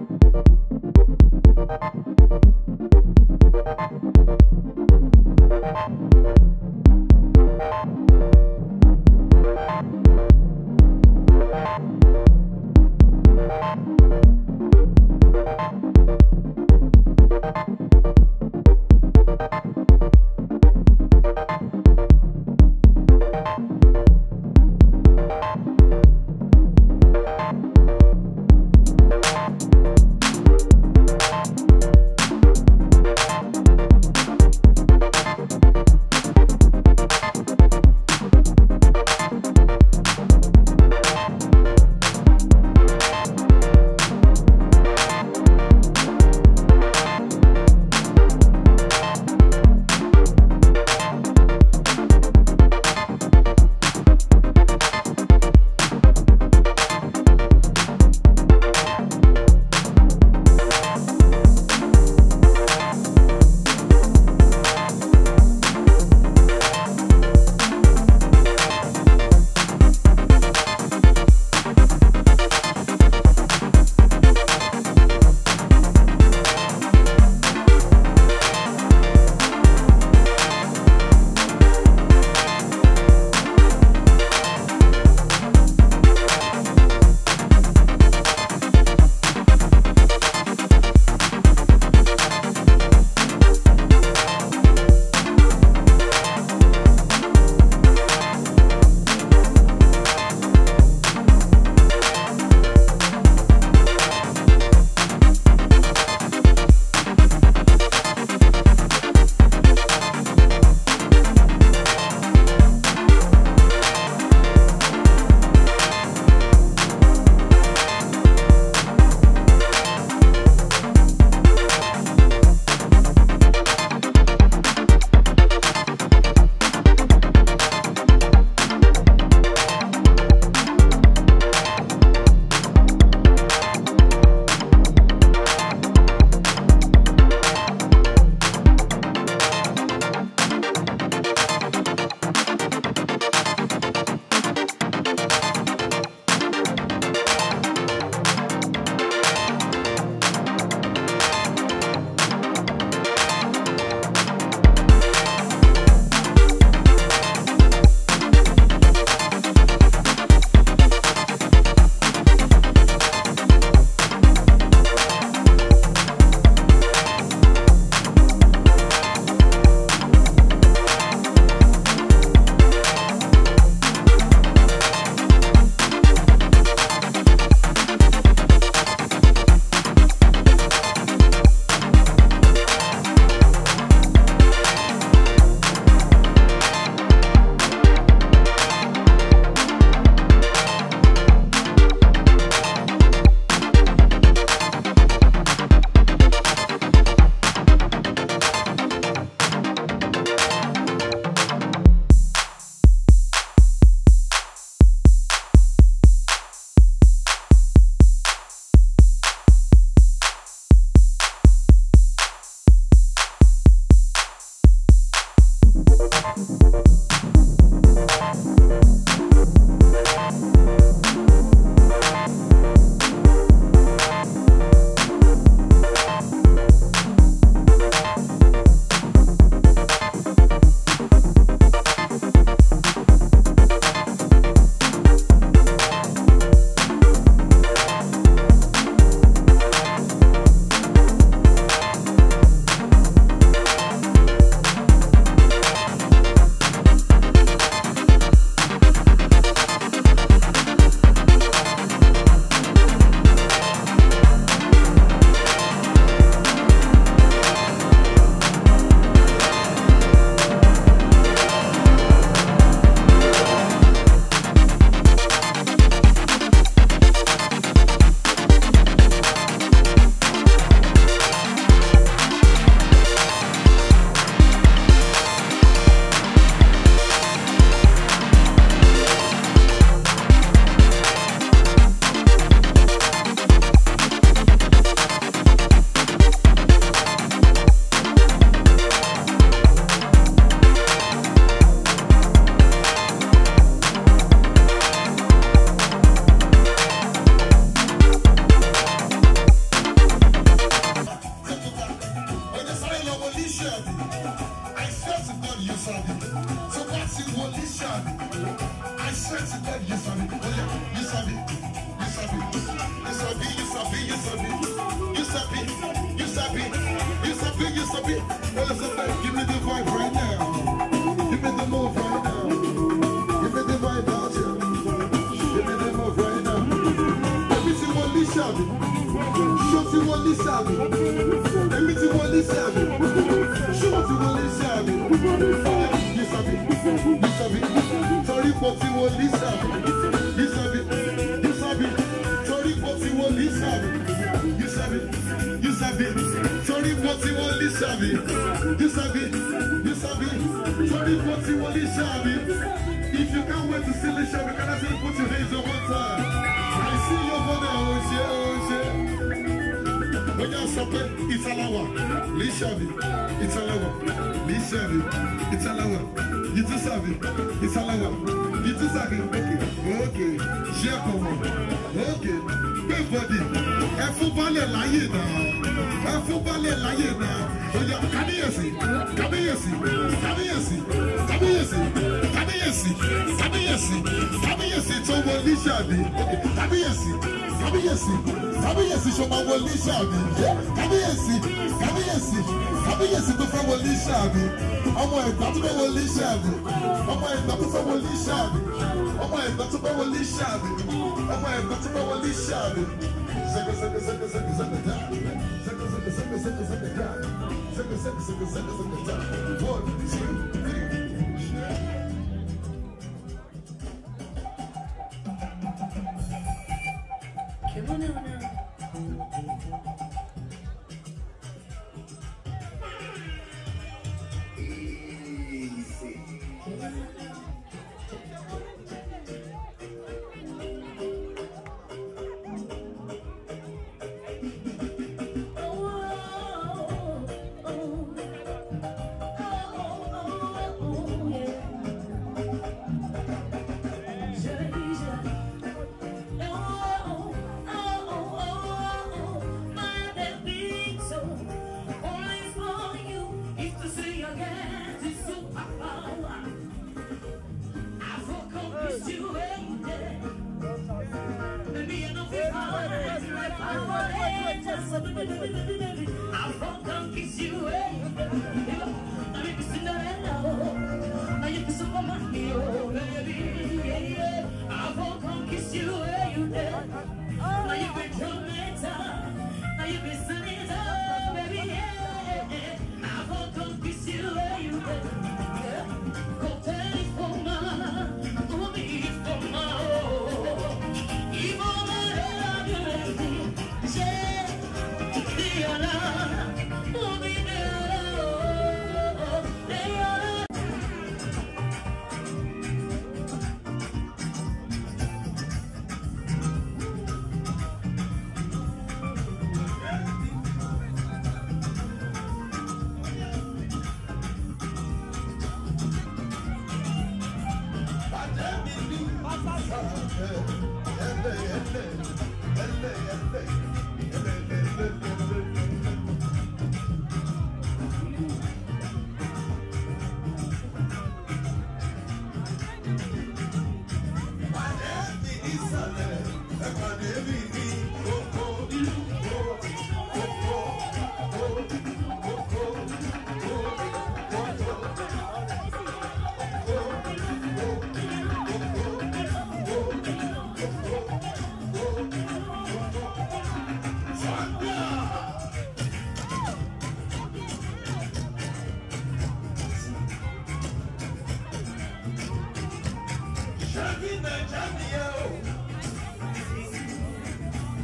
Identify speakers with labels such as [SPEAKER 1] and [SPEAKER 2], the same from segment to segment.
[SPEAKER 1] you baby. Tell somebody, give me the vibe right now. Give me the move right now. Give me the vibe out here. Give me the move right now. Èmi ti wọlé sàmì. Ṣó ti wọlé sàmì. Èmi ti wọlé sàmì. Ṣó ti wọlé sàmì. Yìí sàmì. Yìí sàmì. Torí pọ̀ ti wọlé sàmì. tí wọ́n You sàmì ní sàmì ní sàmì If you can't wait to see the show, can I say put your hands up one time? I see your brother, oh yeah, oh yeah. When you sọ pé ìtàláwà ní sàmì ìtàláwà It's a ìtàláwà you too savvy It's a ìtàláwà you too savvy okay okay Share ẹ̀kọ́ wọn okay gbé bọ̀dì ẹ fún balẹ̀ láyè náà ẹ fún balẹ̀ láyè náà ó yá kábíyèsí kábíyèsí kábíyèsí kábíyèsí kábíyèsí kábíyèsí kábíyèsí tó wọlé ṣàbí kábíyèsí kábíyèsí kábíyèsí tó máa wọlé ṣàbí kábíyèsí kábíyèsí kábíyèsí tó fẹ́ wọlé ṣàbí ọmọ ẹ̀gbá tó fẹ́ wọlé ṣàbí ọmọ ẹ̀gbá tó fẹ́ wọlé ṣàbí ọmọ ẹ̀gbá tó fẹ́ wọlé ṣàbí ọmọ ẹ̀gbá tó fẹ́ wọlé ṣàbí. One, Sabrina, Sabrina, Sabrina, Diana.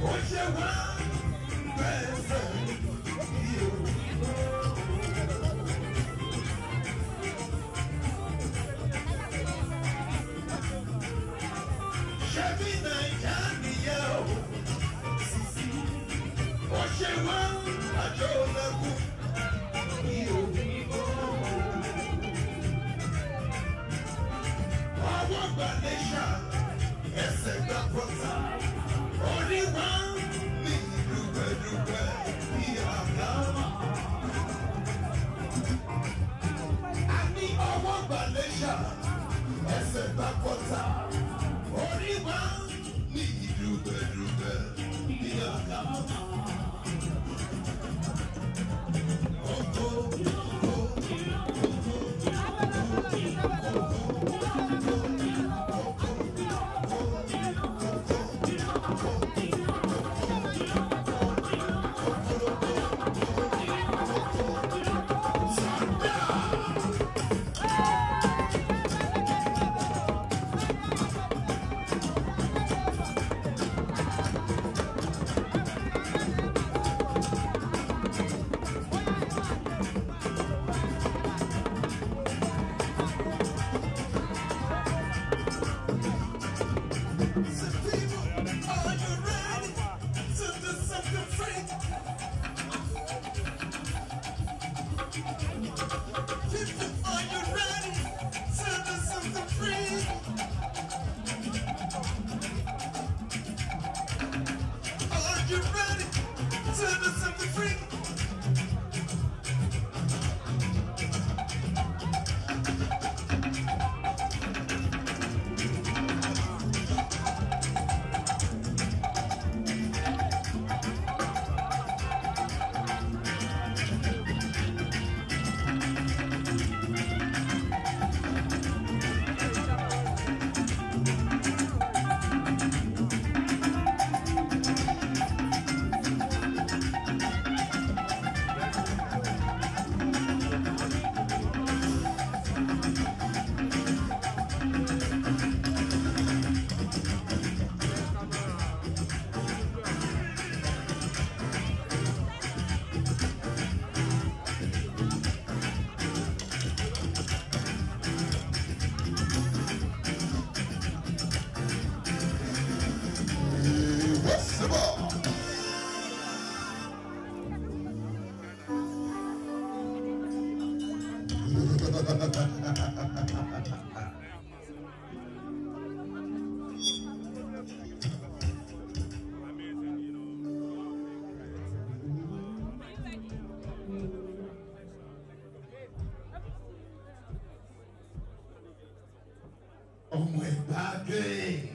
[SPEAKER 1] What's your want? again.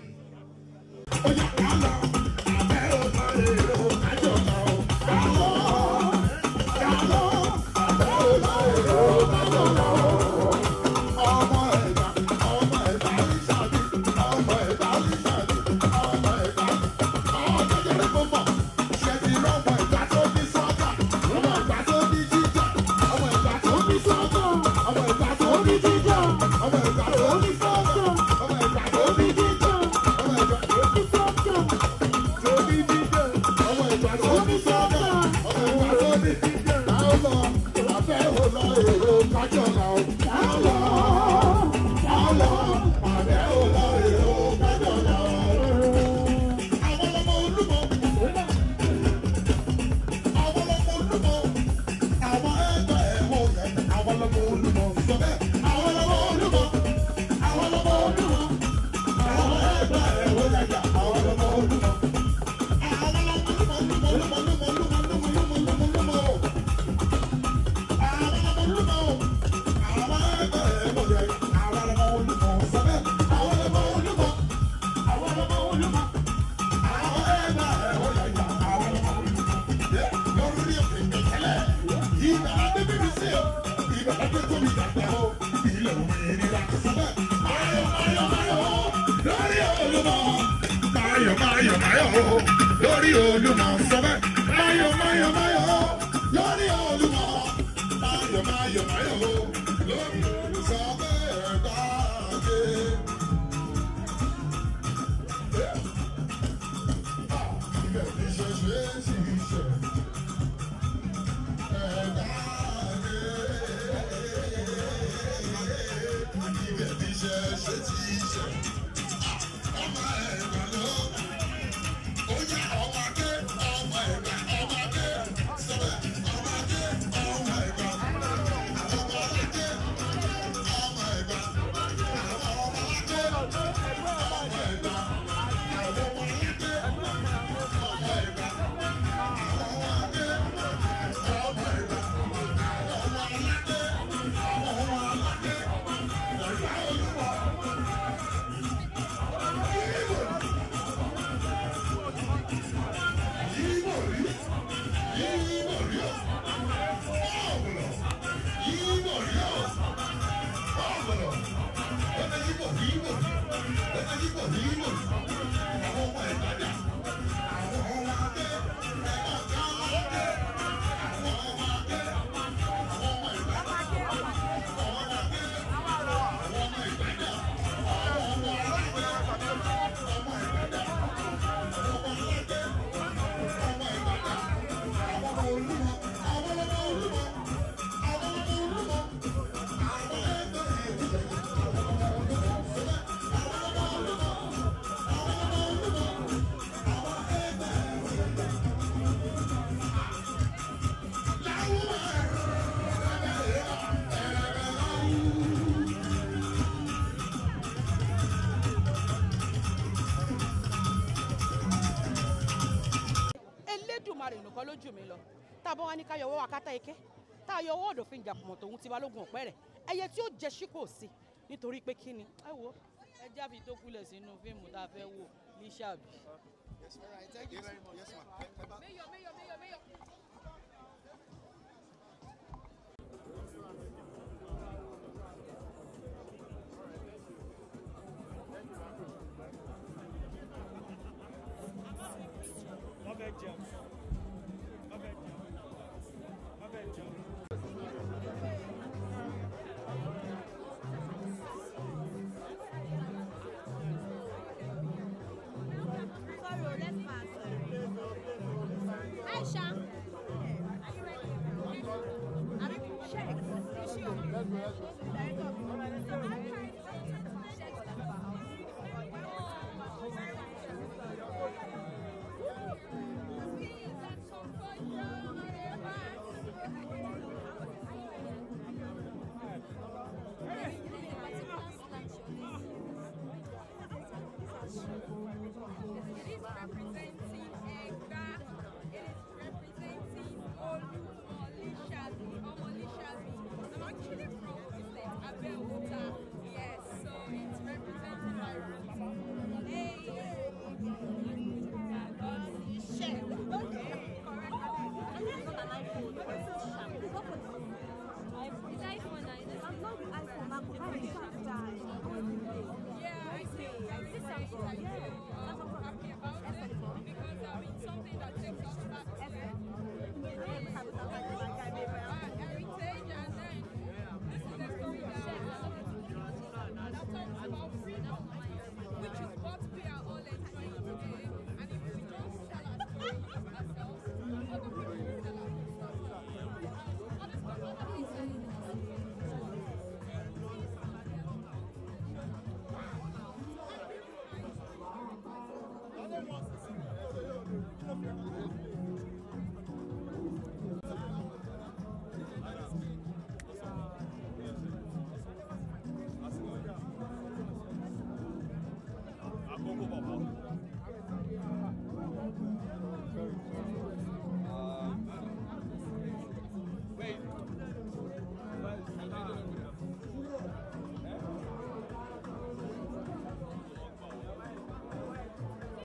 [SPEAKER 1] màmáyọ̀ lórí Olúmọ. ní ká yọwọ́ wákàtà ike tá a yọwọ́ òdòfin jàpọ̀mọ̀ tòun ti balógun ọ̀pẹ́ rẹ̀ ẹyẹ tí ó jẹ sí kò sí nítorí pé kí ni ẹ wo ẹ jábì tó kulẹ̀ sínú fíìmù tá a fẹ́ wò ní sàbí. Yes, all right. Thank you very much. Yes, Yeah, I see. I see. Yeah.